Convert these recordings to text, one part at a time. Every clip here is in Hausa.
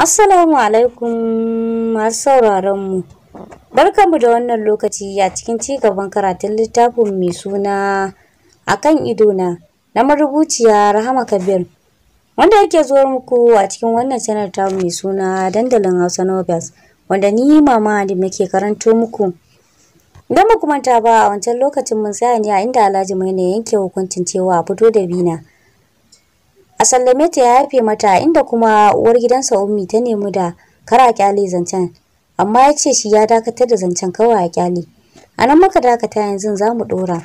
Assalamu alaikum masu Barka mu da wannan lokaci a cikin ci gaban karatun littafin mai suna akan ido na marubuciya Rahama Kabir. Wanda yake zuwa muku a cikin wannan sanar ta mai suna dandalin Hausa Novels wanda ni mama da muke karanto muku. Idan kuma ta ba a wancan lokacin mun tsaya ne a inda Alhaji Maina yanke hukuncin cewa a fito da Bina a sallame ta ya haife mata inda kuma uwar gidansa ummi ta nemi da kara kyale zancen amma ya ce shi ya dakatar da zancen kawai a kyale a nan muka dakata yanzu za mu ɗora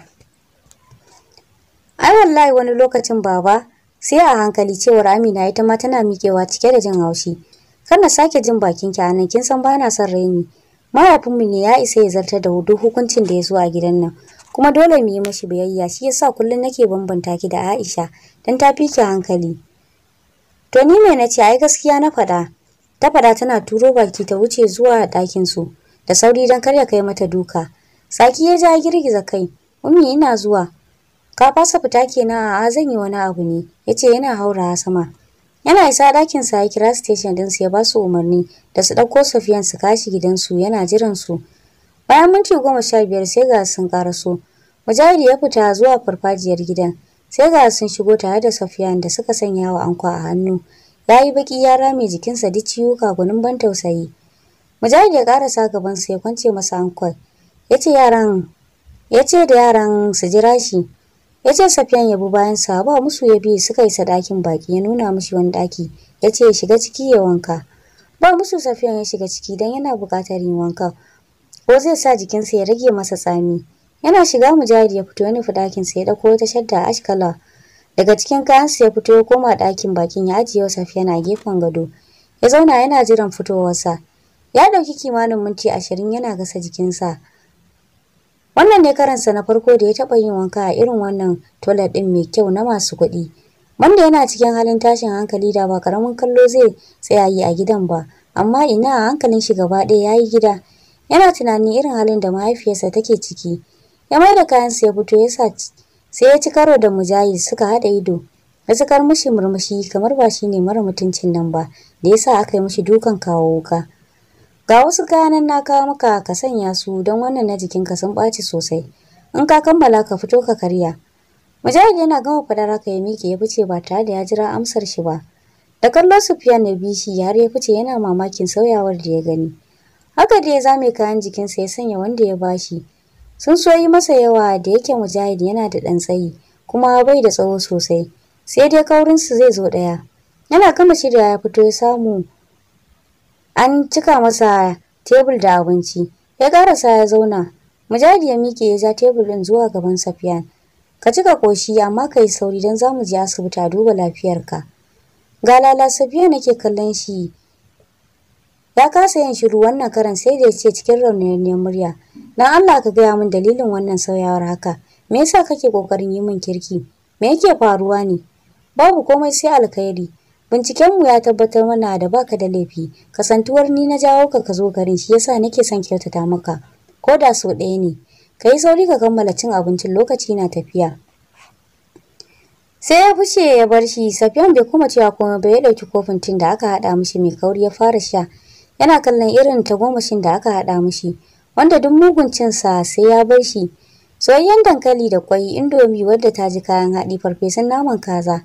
ai wallahi wani lokacin baba sai a hankali cewar amina ita ma tana miƙewa cike da jin haushi kar na sake jin bakin ki anan kin san bana son raini mahaifinmu ne ya isa ya zartar da duk hukuncin da ya zo a gidan nan kuma dole mu yi mashi biyayya shi yasa kullum nake bambanta ki da Aisha dan ta fi hankali. To ni mai na ce ai gaskiya na faɗa. Ta faɗa tana turo baki ta wuce zuwa ɗakin su da sauri dan kar ya kai mata duka. Saki ya ja girgiza kai. Ummi ina zuwa. Ka fasa fita kenan a zan yi wani abu ne. Yace yana haura sama. Yana isa ɗakin sa ya kira station din su ya ba su umarni da su ɗauko Safiyan su kashi gidansu yana jiran su. Bayan minti goma sha biyar sai ga sun ƙaraso. mujahidi ya fita zuwa farfajiyar gidan. sai ga sun shigo tare da safiyan da suka sanya wa anko a hannu yayi yi baki ya rame jikinsa duk ciwuka gunin ban tausayi mujahid ya karasa sa, ya kwance masa anko. yace yaran yace da yaran su jira shi ya ce safiyan ya bi sa ba musu ya bi suka isa sadakin baki ya nuna musu wani daki. yace ya shiga ciki ya wanka ba musu safiyan ya shiga ciki dan yana buƙatar yin wanka ko zai sa jikinsa ya rage masa tsami Yana shiga Mujahid ya fito ya nufi sai ya ko wata shadda ashkala. Daga cikin kayansa ya fito ya koma dakin bakin ya ajiye wa Safiya na gefen gado. Ya zauna yana jiran fitowarsa. Ya ɗauki kimanin minti ashirin yana gasa jikinsa. Wannan ne karansa na farko da ya taɓa yin wanka a irin wannan toilet ɗin mai kyau na masu kuɗi. Wanda yana cikin halin tashin hankali da ba karamin kallo zai tsaya a gidan ba. Amma ina hankalin shi gaba ɗaya ya yi gida. Yana tunanin irin halin da mahaifiyarsa take ciki. ya mai da sa ya fito ya sa sai ya ci karo da mujahid suka haɗa ido ya sakar mishi murmushi kamar ba shi ne mara mutuncin nan ba da ya sa aka yi mushi dukan kawo wuka ga wasu kayanan na kawo maka ka sanya su don wannan na jikinka sun ɓaci sosai in ka kammala ka fito ka karya mujahid yana gama fadar haka ya miƙe ya fice ba tare da ya jira amsar shi ba da kallon sufiyan na bi shi har ya fice yana mamakin sauyawar da ya gani haka da ya zame kayan jikinsa ya sanya wanda ya bashi Sun so yi masa yawa da yake Mujahid yana da ɗan tsayi, kuma bai da tsawo sosai, sai dai kaurinsu zai zo ɗaya. Yana kama shirya ya fito ya samu an cika masa tebul da abinci, ya karasa ya zauna. Mujahid ya miƙe ya ja tebul ɗin zuwa gaban Safiyan. Ka cika ƙoshi amma ka yi sauri don za mu je asibiti a duba lafiyarka. Ga lala Safiyan nake kallon shi Ya kasa yin shiru wannan karan sai da ya ce cikin raunaniyar murya. Na Allah ka gaya min dalilin wannan sauyawar haka. Me yasa kake kokarin yi min kirki? Me yake faruwa ne? Babu komai sai alkhairi. Bincikenmu ya tabbatar mana da baka da laifi. Kasantuwar ni na jawo ka ka zo garin shi yasa nake son kyautata maka. Ko da sau ɗaya ne. Ka yi sauri ka kammala cin abincin lokaci na tafiya. Sai ya fice ya bar shi, Safiyan bai kuma cewa komai ba ya ɗauki kofin tin da aka haɗa mishi mai kauri ya fara sha. yana kallon irin tagomashin da aka haɗa mishi wanda duk mugun cinsa sai ya bar shi soyayyen dankali da kwai indomi wadda ta ji kayan haɗi farfesun naman kaza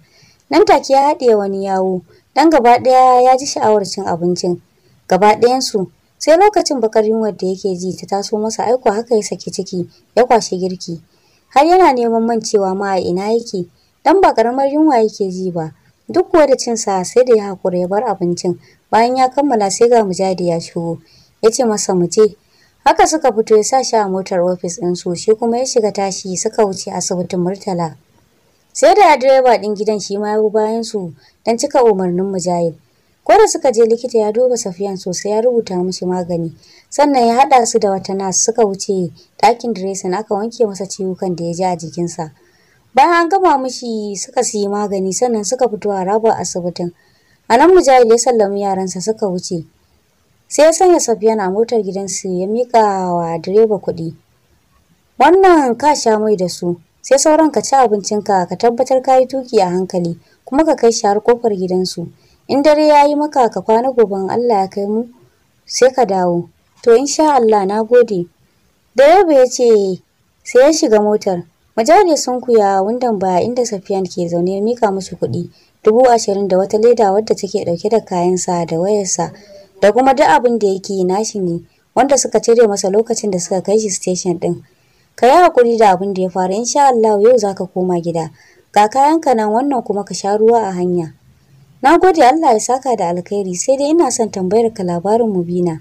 nan take ya haɗe wani yawo dan gaba ɗaya ya ji sha'awar cin abincin gaba ɗayansu sai lokacin bakar yunwar da yake ji ta taso masa aiko haka ya saki ciki ya kwashe girki har yana neman mancewa ma a ina yake dan ba karamar yunwa yake ji ba duk kuwa da cinsa sai da ya haƙura ya bar abincin bayan ya kammala sai ga mujadi ya shigo ya ce masa mu je haka suka fito ya sa shi a motar ofis ɗin su shi kuma ya shiga tashi suka wuce asibitin murtala sai da direba ɗin gidan shi ma ya bayan su don cika umarnin mujahid ko da suka je likita ya duba safiyan sosai ya rubuta mishi magani sannan ya haɗa su da wata nas suka wuce ɗakin diresin aka wanke masa ciwukan da ya ji a jikinsa bayan an gama mishi suka siyi magani sannan suka fito a rabar asibitin A nan Mujahid ya sallami yaransa suka wuce. Sai ya sanya Safiyan a motar gidansu ya miƙa wa direba kuɗi. Wannan ka sha mai da su, sai sauran ka ci abincinka ka tabbatar ka yi tuki a hankali kuma ka kai shi har kofar gidansu. In dare ya yi maka ka kwana goben Allah ya kai mu sai ka dawo. To in sha Allah na gode. Direba ya ce sai ya shiga motar. Mujahid ya sunkuya wundan baya inda Safiyan ke zaune ya mika musu kuɗi. dubu ashirin da wata leda wadda take dauke da kayansa da wayarsa da kuma duk abin da yake yi nashi ne wanda suka cire masa lokacin da suka kai shi station ɗin. Ka yi hakuri da abin da ya faru insha Allah yau za ka koma gida. Ga ka nan wannan kuma ka sha ruwa a hanya. Na gode Allah ya saka da alkhairi sai dai ina son tambayar ka labarin Mubina.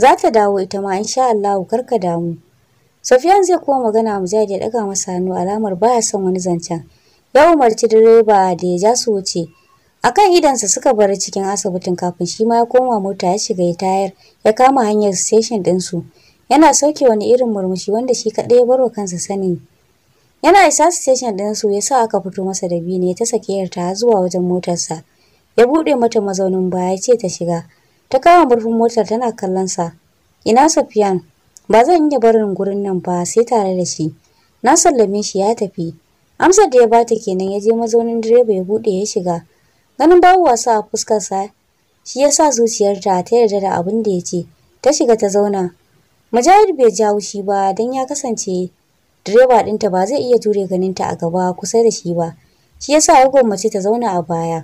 Za ta dawo ita ma insha Allah kar ka damu. Safiyan zai kuma magana Mujahid ya daga masa hannu alamar baya son wani zancen. ya umarci direba da ya ja su wuce. Akan idansa suka bar cikin asibitin kafin shi ma ya koma mota ya shiga ya tayar ya kama hanyar station ɗinsu. Yana sauke wani irin murmushi wanda shi kaɗai ya barwa kansa sani. Yana isa station ɗinsu ya sa aka fito masa da biyu ne ta sakiyar yarta zuwa wajen motarsa. Ya buɗe mata mazaunin baya ya ce ta shiga. Ta kama murfin motar tana kallon sa. Ina Safiyan, ba zan iya barin gurin nan ba sai tare da shi. Na sallame shi ya tafi. Amsar da ya bata kenan ya je mazaunin direba ya bude ya shiga. Ganin babu wasa a fuskarsa shi ya sa zuciyarta ta yarda da abin da ya ce. Ta shiga ta zauna. Mujahid bai ji haushi ba don ya kasance direba ɗinta ba zai iya jure ganinta a gaba kusa da shi ba. Shi ya sa ya gwammace ta zauna a baya.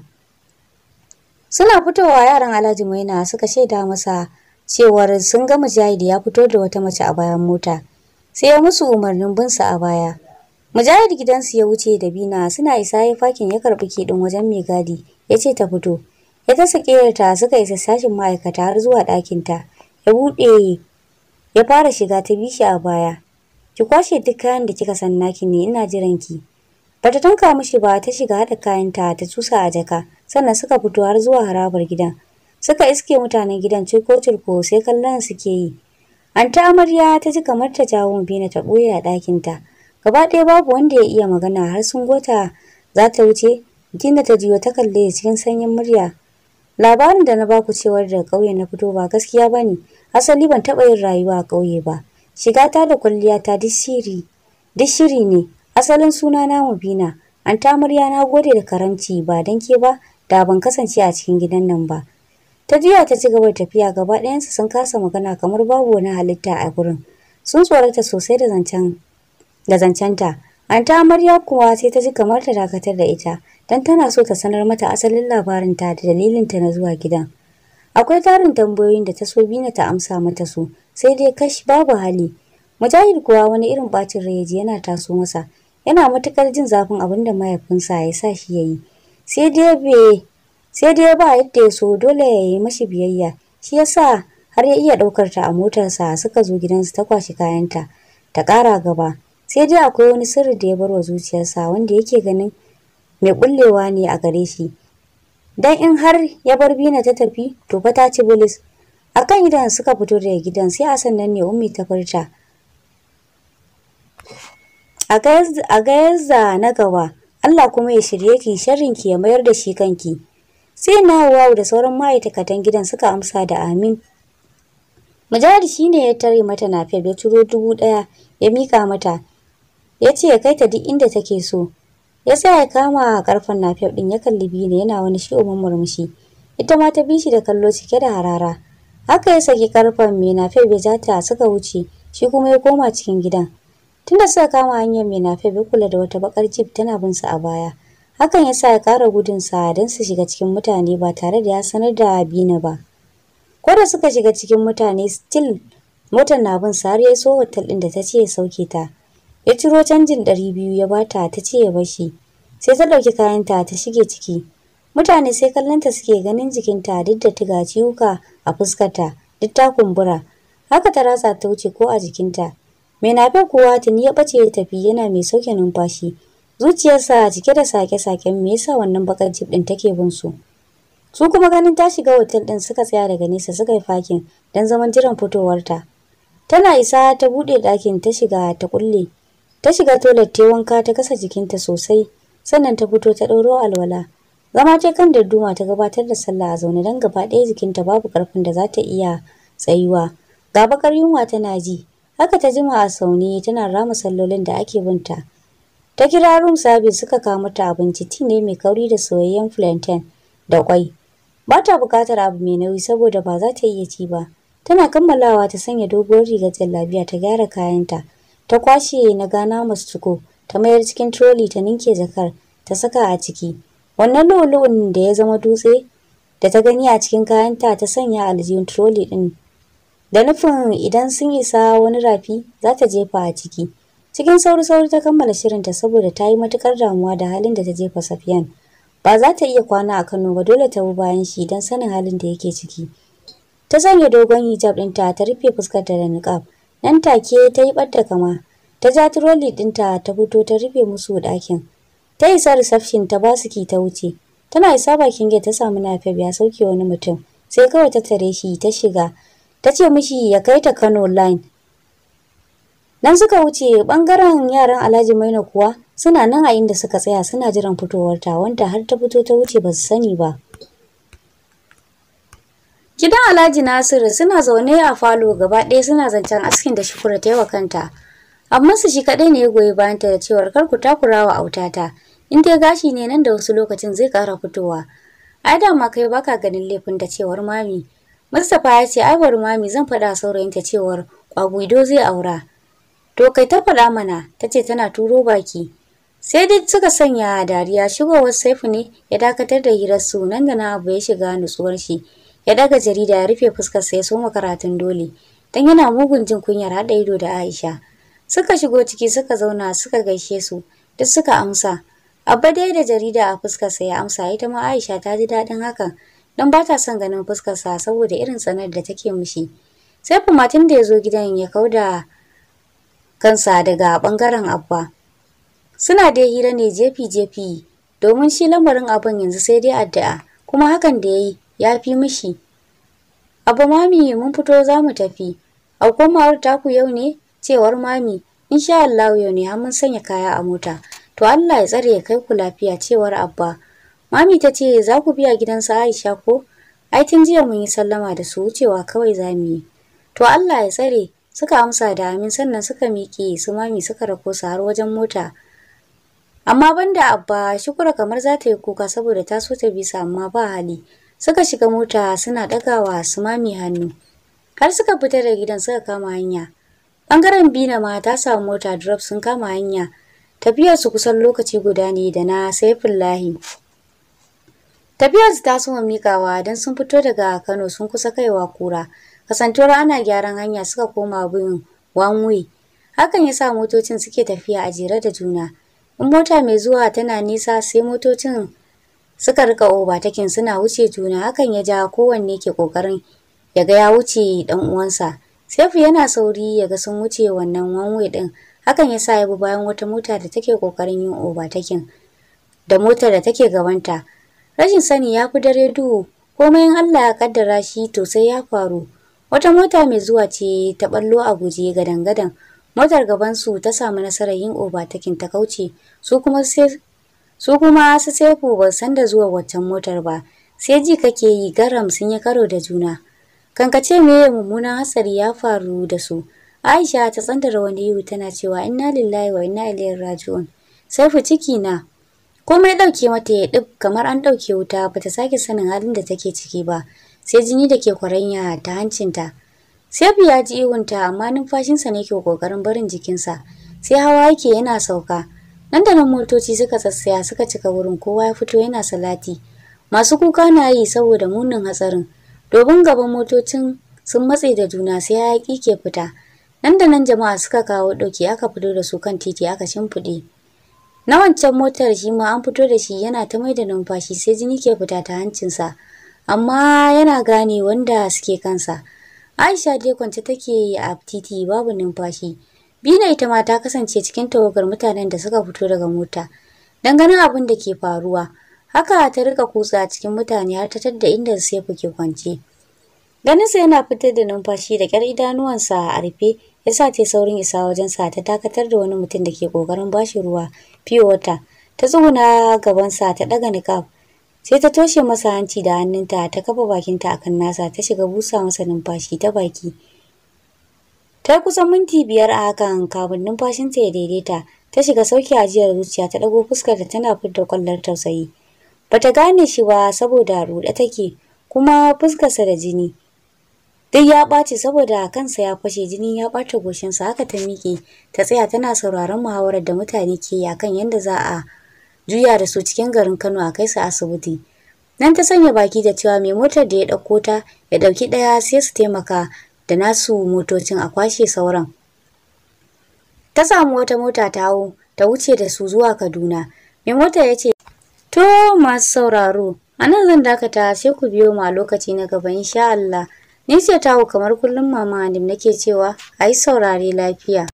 Suna fitowa yaran Alhaji Maina suka shaida masa cewar sun ga Mujahid ya fito da wata mace a bayan mota. Sai ya musu umarnin binsa a baya. Mujahid su ya wuce da Bina suna isa ya fakin ya karɓi kiɗin wajen mai gadi yace ta fito. Ya ta sakiyarta suka isa sashin ma'aikata har zuwa ɗakinta. Ya buɗe ya fara shiga ta bishi a baya. Ki kwashe duk kayan da kika san naki ne ina jiran ki. Bata tanka mishi ba ta shiga haɗa kayan ta ta cusa a jaka sannan suka fito har zuwa harabar gidan. Suka iske mutanen gidan ko sai kallon suke yi. Anta amarya ta ji kamar ta jawo Bina ta boye a ɗakinta. Gaba ɗaya babu wanda ya iya magana har sun gota za ta wuce, gina ta jiyo ta kalle cikin sanyin murya. Labarin da na baku cewar da ƙauye na fito ba gaskiya ba ne, asali ban taɓa yin rayuwa a ƙauye ba. ta da kwalliya ta shiri, duk shiri ne, asalin suna na Bina, An ta murya na gode da karamci ba dan ke ba da ban kasance a cikin gidan nan ba. Ta juya ta ci gaba da tafiya gaba ɗayansu sun kasa magana kamar babu wani halitta a gurin. Sun tsorata sosai da zancen da zancenta. ta amarya kuwa sai ta ji kamar ta dakatar da ita, don tana so ta sanar mata asalin labarinta da dalilinta na zuwa gidan. Akwai tarin tambayoyin da ta so Bina ta amsa mata su, sai dai kash babu hali. Mujahid kuwa wani irin bacin rai yana taso masa, yana matukar jin zafin abin da mahaifinsa ya sa shi ya yi. Sai dai be, sai dai ba yadda ya so dole ya yi mashi biyayya, shi yasa har ya iya ɗaukar ta a motarsa suka zo gidansu ta kwashi kayanta. Ta ƙara gaba, sai dai akwai wani sirri da ya bar wa zuciyarsa wanda yake ganin mai bullewa ne a gare shi dan in har ya bar bina ta tafi to fa ta ci bulis akan idan suka fito daga gidan sai a sannan ne ummi ta furta a ga na gaba Allah kuma ya shirye ki sharrin ki ya mayar da shi kanki sai na wawu da sauran ma'aikatan gidan suka amsa da amin mujahid ne ya tare mata nafiyar ya turo dubu ɗaya ya mika mata ya ce ya kai ta duk inda take so ya sa ya kama karfan nafiyar din ya kalli ne, yana wani shi shi'umin murmushi ita ma ta bi shi da kallo cike da harara haka ya saki karfan mai nafiyar bai zata suka wuce shi kuma ya koma cikin gidan tunda suka kama hanyar mai nafiyar bai kula da wata bakar jeep tana bin su a baya hakan ya sa ya kara gudun sa don su shiga cikin mutane ba tare da ya sanar da bina ba ko da suka shiga cikin mutane still motar na bin sa har ya so hotel ɗin da ta ce ya sauke ta ya ciro canjin ɗari biyu ya bata ta ce ya bashi sai ta ɗauki kayanta ta shige ciki mutane sai kallonta suke ganin jikinta duk da tuga ciwuka a fuskarta duk ta kumbura haka ta rasa ta wuce ko a jikinta mai nafe kuwa tuni ya ɓace ya tafi yana mai sauke numfashi zuciyarsa a cike da sake-saken me yasa wannan bakar jib ɗin take bin su su kuma ganin ta shiga hotel ɗin suka tsaya daga nesa suka yi fakin don zaman jiran fitowarta tana isa ta buɗe ɗakin ta shiga ta kulle ta shiga toilet ta wanka ta kasa jikinta sosai sannan ta fito ta ɗauro alwala zama ta kan darduma ta gabatar da sallah a zaune don gaba ɗaya jikinta babu karfin da za ta iya tsayuwa ga bakar yunwa tana ji haka ta jima a saune tana rama sallolin da ake binta ta kira room service suka kawo mata abinci ti ne mai kauri da soyayyen plantain da kwai ba ta buƙatar abu mai nauyi saboda ba za ta iya ci ba tana kammalawa ta sanya doguwar rigar jallabiya ta gyara kayanta ta kwashe na gana masu ciko ta mayar cikin troli ta ninke jakar ta saka a ciki wannan lu'u-lu'un da ya zama dutse da ta gani a cikin kayanta ta sanya aljihun troli din da nufin idan sun isa wani rafi za ta jefa a ciki cikin sauri-sauri ta kammala shirinta saboda ta yi matukar damuwa da halin da ta jefa safiyan ba za ta iya kwana a kano ba dole ta bi bayan shi don sanin halin da yake ciki ta sanya dogon hijab ɗinta ta rufe fuskar da niqab Nan take ta yi ɓadda kama, ta ja turoli ɗinta ta fito ta rufe musu ɗakin. Ta isa reception ta ba su ki ta wuce. Tana isa bakin gate ta samu Nafef ya sauke wani mutum. Sai kawai ta tare shi ta shiga. Ta ce mishi ya kai ta Kano line. Nan suka wuce bangaren yaran Alhaji Maina kuwa suna nan a inda suka tsaya suna jiran fitowarta wanda har ta fito ta wuce ba su sani ba. Gidan Alhaji Nasiru suna zaune a falo gaba ɗaya suna zancen askin da shukura ta yi wa kanta. Amma su shi kaɗai ne ya goyi bayan ta da cewar kar ku takura wa autata. In dai gashi ne nan da wasu lokacin zai ƙara fitowa. Ai da ma kai baka ganin laifin da cewar mami. Mustapha ya ce ai bari mami zan faɗa saurayin ta cewar kwaguido zai aura. To kai ta faɗa mana ta ce tana turo baki. Sai dai suka sanya dariya shigowar saifu ne ya dakatar da hirar su nan da na abu ya shiga nutsuwar shi. ya daga jarida ya rufe fuskarsa ya soma karatun dole dan yana mugun jin kunyar haɗa ido da aisha suka shigo ciki suka zauna suka gaishe su duk suka amsa abba dai da jarida a fuskar sa ya amsa ita ma aisha ta ji daɗin hakan dan ba ta son ganin fuskar sa saboda irin tsanar da take mishi sai fumatin da ya zo gidan ya kauda kansa daga ɓangaren abba suna dai hira ne jefi-jefi domin shi lamarin abin yanzu sai dai addu'a kuma hakan da yayi ya fi mishi. Abu mami mun fito za mu tafi. A komawar taku yau ne cewar mami sha Allah yau ne har mun sanya kaya a mota. To Allah ya tsare ya kai ku lafiya cewar abba. Mami ta ce za ku biya gidansa Aisha ko? Ai tun jiya mun yi sallama da su wucewa kawai za mu yi. To Allah ya tsare suka amsa da amin sannan suka miƙe su mami suka rako su har wajen mota. Amma banda abba shukura kamar za ta yi kuka saboda ta so ta bisa amma ba hali. Suka shiga mota suna dagawa su mami hannu. Har suka fita da gidan suka kama hanya. bangaren Bina ma ta samu mota drop sun kama hanya. Tafiyar su kusan lokaci guda ne da na Saifullahi. su ta suma mikawa don sun fito daga Kano sun kusa kaiwa kura. Kasantuwar ana gyaran hanya suka koma bin one Hakan ya sa motocin suke tafiya a jere da juna. In mota mai zuwa tana nisa sai motocin Suka rika obatakin suna wuce juna hakan ya ja kowanne ke kokarin ya ga ya wuce dan uwansa. Sefu yana sauri ya ga sun wuce wannan wanwe din. Hakan ya sa ya bi bayan wata mota da take kokarin yin obatakin da motar da take gabanta. Rashin sani ya fi dare duhu, komai in Allah ya kaddara shi to sai ya faru. Wata mota mai zuwa ce ta ballo a guje gadan-gadan. Motar gabansu ta samu nasarar yin obatakin ta kauce, su kuma sai Su kuma su sefu ba san da zuwa waccan motar ba, sai ji kake yi garam sun yi karo da juna. Kankace meye mummunan hatsari ya faru da su. Aisha ta tsandara wani ihu tana cewa inna lillahi wa inna ilaihi raji'un. Saifu ciki na ya dauke mata ya ɗi kamar an dauke wuta bata sake sanin halin da take ciki ba. Sai jini da ke kwaranya ta hancinta. Sefu ya ji ihunta amma numfashinsa ne ke kokarin barin jikinsa. Sai hawa yake yana sauka. nan da nan motoci suka tsatsaya suka cika wurin kowa ya fito yana salati masu kuka na yi saboda munin hatsarin domin gaban motocin sun matse da juna sai hayaki ke fita nan da nan jama'a suka kawo ɗauki aka fito da su kan titi aka shimfiɗe na wancan motar shi ma an fito da shi yana ta mai da numfashi sai jini ke fita ta hancinsa amma yana gane wanda suke kansa aisha dai kwance take a titi babu numfashi Bina ita ma ta kasance cikin tawagar mutanen da suka fito daga mota. Dan ganin abin da ke faruwa, haka ta rika kutsa cikin mutane har ta tadda inda Saifu ke kwance. Ganinsa yana fitar da numfashi da ƙyar sa a rufe ya sa ta saurin isa wajensa ta dakatar da wani mutum da ke ƙoƙarin bashi ruwa fiye wata. Ta tsuguna gabansa ta ɗaga niƙaf sai ta toshe masa hanci da hannunta ta kafa bakinta akan nasa ta shiga busa masa numfashi ta baki. Ta kusan minti biyar a hakan kafin numfashinta ya daidaita, ta shiga sauki ajiyar zuciya ta ɗago fuskar da tana fidda kwallar tausayi. Ba ta gane shi ba saboda ruɗe take, kuma fuskarsa da jini. Duk ya ɓaci saboda kansa ya fashe jini ya ɓata goshinsa haka ta miƙe, ta tsaya tana sauraron muhawarar da mutane ke yi akan yadda za a juya da su cikin garin Kano a kai su asibiti. Nan ta sanya baki da cewa mai motar da ya ɗauko ta ya ɗauki ɗaya sai su taimaka da nasu motocin a kwashe sauran. Ta samu wata mota ta hau ta wuce da su zuwa Kaduna. Mai mota ya ce, To masu sauraro, a nan zan dakata sai ku biyo ma lokaci na gaba insha Allah. Ni ce tawo kamar kullum mama Hanim nake cewa a yi saurare lafiya.